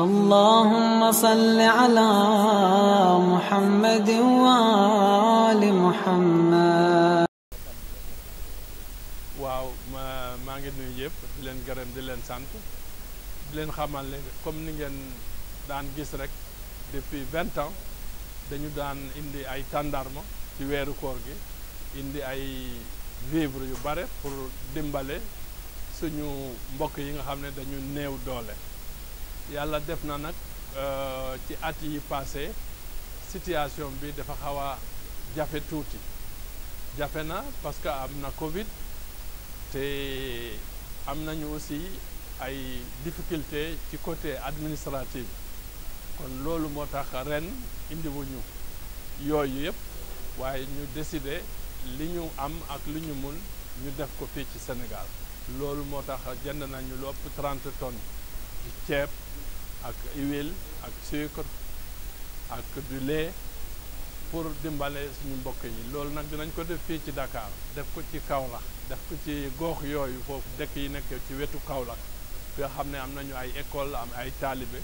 اللهم صل على محمد وآل waaw ma maa ngi nuyu yëpp leen gërëm di leen sant di leen xamal ne comme ni ngeen daan gis rek depuis vingt ans dañu daan indi ay tàndarma ci weeru koor gi indi ay vivre yu bare pour dimbale suñu mbokk yi nga xam ne dañu néew doole yàlla def na nag euh, ci at yi passé situation bi dafa xaw a jafe tuuti jafe na parce que am na Covid te am nañu aussi ay difficulté ci côté administrative kon loolu moo tax ren indiwuñu yooyu yëpp waaye ñu décider li ñu am ak li ñu mun ñu def ko fii ci Sénégal loolu moo tax jënd nañu lu ëpp 30 tonnes ceeb ak huile ak sucre ak du lait pour dimbale suñu mbokk yi loolu nag dinañ ko def fii ci dakaar def ko ci Kaolack def ko ci gox yooyu foofu dëkk yi nekk ci wetu Kaolack nga xam ne am nañu ay école am ay taalibe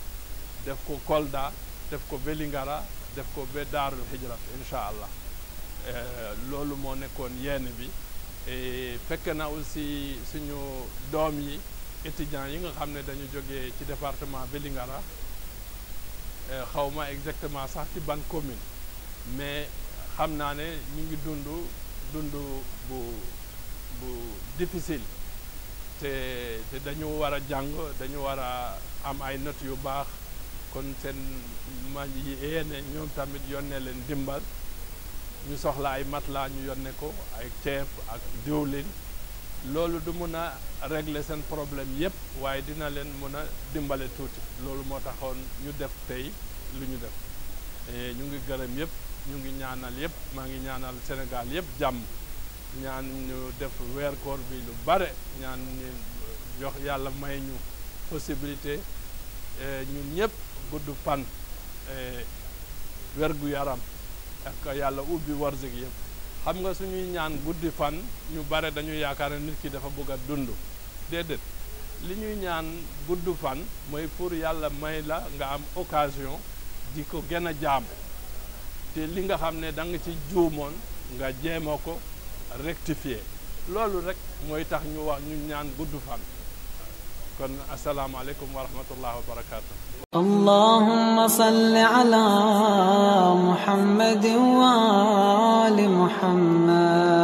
def ko Kolda def ko Vélingara def ko ba Daarul Hijrat incha allah eh, loolu moo nekkoon yenn bi eh, fekk na aussi suñu doom yi étudiants yi nga xam ne dañu jóge ci département Vélingara euh, xaw ma exactement sax ci ban commune mais xam naa ne ñu ngi dundu dundu bu bu difficile te te dañu war a jàng dañu war a am ay notes yu baax kon seen ma yi yéene ñoom tamit yónnee leen dimbal ñu soxla ay laa ñu yónnee ko ay ceeb ak diwlin loolu du mun a régler seen problème yépp waaye dina leen mën a dimbale tuuti loolu moo taxoon ñu def tey lu ñu def e, ñu ngi gërëm yépp ñu ngi ñaanal yépp maa ngi ñaanal Sénégal yépp jàmm ñaan ñu def weer koor bi lu bare ñaan ñu yàlla may ñu possibilité e, ñun ñépp gudd fan e, wergu yaram ak yàlla ubbi warzig yépp xam nga suñuy ñaan guddi fan ñu bare dañu yaakaar ne nit ki dafa bëgg a dund déedéet li ñuy ñaan gudd fan mooy pour yàlla may la nga am occasion di ko gën a jaamu te li nga xam ne da nga ci juumoon nga jéema ko rectifier loolu rek mooy tax ñu wax ñu ñaan gudd fan kon asalaamaaleykum wa rahmatullah wa barakaatu. allahumma salli ala muhammadin wa محمد